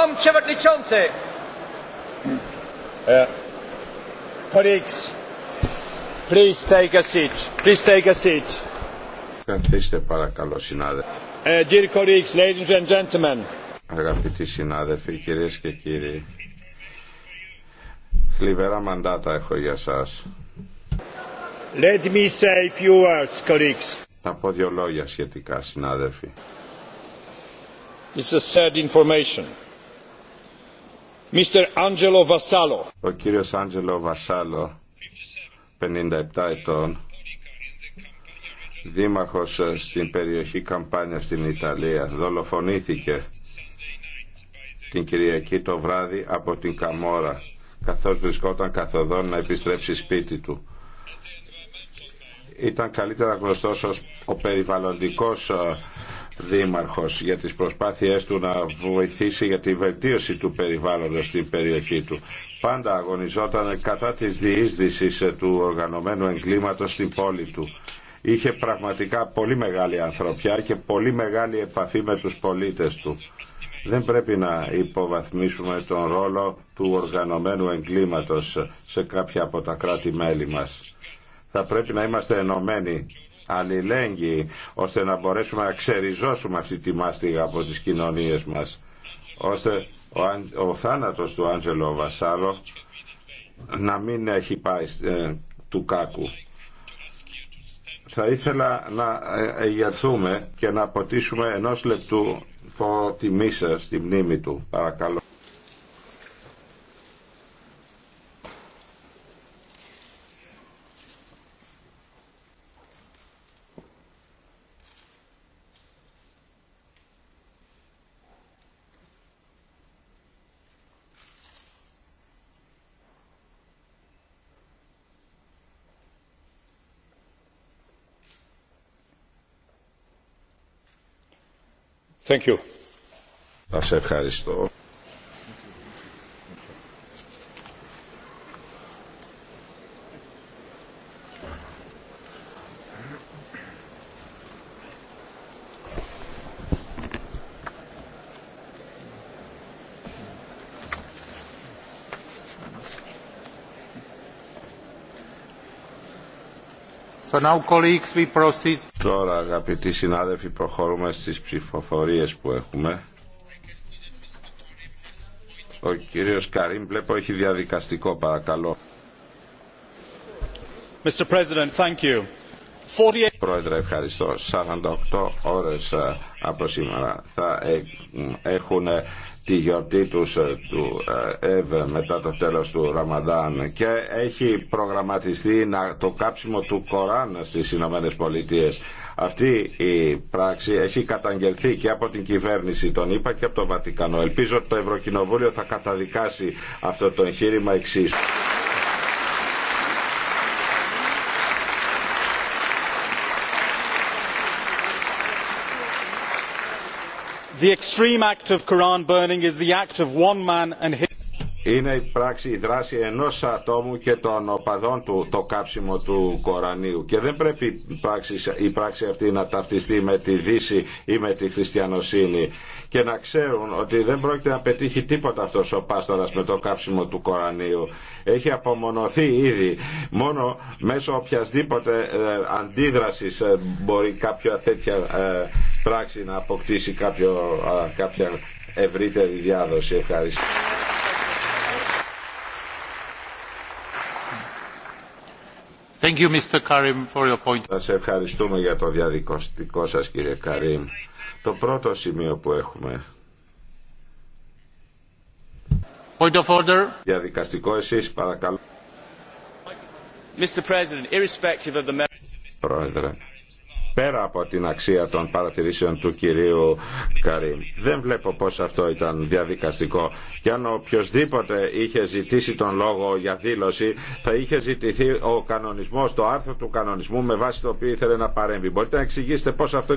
Pan Przewodniczący! Colleagues, please take a seat. Please take a seat. Καθίστε παρακαλώ συνάδελφοι. Dear colleagues, ladies and gentlemen. Αγαπητοί συνάδελφοι, κυρίες και κύριοι. Θλιβερά μαντάτα έχω για σας. Let me say few words, colleagues. Να πω δύο λόγια σχετικά, συνάδελφοι. This is sad information. Mr. Angelo Vassallo. Ο κύριος Άντζελο Βασάλο, 57 ετών, δήμαχος στην περιοχή Καμπάνια στην Ιταλία, δολοφονήθηκε την Κυριακή το βράδυ από την Καμόρα, καθώς βρισκόταν καθοδόν να επιστρέψει σπίτι του ήταν καλύτερα γνωστός ως ο περιβαλλοντικός ε, δήμαρχος για τις προσπάθειές του να βοηθήσει για τη βελτίωση του περιβάλλοντος στην περιοχή του. Πάντα αγωνιζόταν κατά της διείσδυσης ε, του οργανωμένου εγκλήματος στην πόλη του. Είχε πραγματικά πολύ μεγάλη ανθρωπιά και πολύ μεγάλη επαφή με τους πολίτες του. Δεν πρέπει να υποβαθμίσουμε τον ρόλο του οργανωμένου εγκλήματος σε κάποια από τα κράτη-μέλη μας θα πρέπει να είμαστε ενωμένοι αλληλέγγυοι ώστε να μπορέσουμε να ξεριζώσουμε αυτή τη μάστιγα από τις κοινωνίες μας ώστε ο, ο θάνατος του Άντζελο Βασάλο να μην έχει πάει ε, του κάκου. Θα ήθελα να ε, εγερθούμε και να αποτίσουμε ενός λεπτού φωτιμή σας στη μνήμη του. Παρακαλώ. Thank you. Σας ευχαριστώ. Τώρα αγαπητοί συνάδελφοι προχωρούμε στις ψηφοφορίες που έχουμε. Ο κύριος Καρίν βλέπω έχει διαδικαστικό παρακαλώ. Mr. President, thank you. 48... Πρόεδρε ευχαριστώ. 48 ώρες ε, από σήμερα θα ε, έχουν ε, τη γιορτή τους ε, του ε, ΕΒ μετά το τέλος του Ραμαντάν και έχει προγραμματιστεί να το κάψιμο του Κοράν στις Ηνωμένες Πολιτείες. Αυτή η πράξη έχει καταγγελθεί και από την κυβέρνηση, τον είπα και από το Βατικανό. Ελπίζω ότι το Ευρωκοινοβούλιο θα καταδικάσει αυτό το εγχείρημα εξίσου. είναι η πράξη, η δράση ενός ατόμου και των οπαδών του το κάψιμο του Κορανίου και δεν πρέπει η πράξη, η πράξη αυτή να ταυτιστεί με τη Δύση ή με τη Χριστιανοσύνη και να ξέρουν ότι δεν πρόκειται να πετύχει τίποτα αυτός ο πάστορας με το κάψιμο του Κορανίου. Έχει απομονωθεί ήδη. Μόνο μέσω οποιασδήποτε ε, αντίδρασης ε, μπορεί κάποια τέτοια ε, πράξη να αποκτήσει κάποιο, κάποια ευρύτερη διάδοση. Ευχαριστώ. Thank you, Mr. Karim, for your point. Σας ευχαριστούμε για το διαδικοστικό σας κύριε Καρίμ. Το πρώτο σημείο που έχουμε. Point of order. Διαδικαστικό εσείς παρακαλώ. Mr. President, irrespective of the... of Πρόεδρε, πέρα από την αξία των παρατηρήσεων του κυρίου Καρύμ. Δεν βλέπω πως αυτό ήταν διαδικαστικό. Και αν οποιοδήποτε είχε ζητήσει τον λόγο για δήλωση, θα είχε ζητηθεί ο κανονισμός, το άρθρο του κανονισμού με βάση το οποίο ήθελε να παρέμβει. Μπορείτε να εξηγήσετε πως αυτό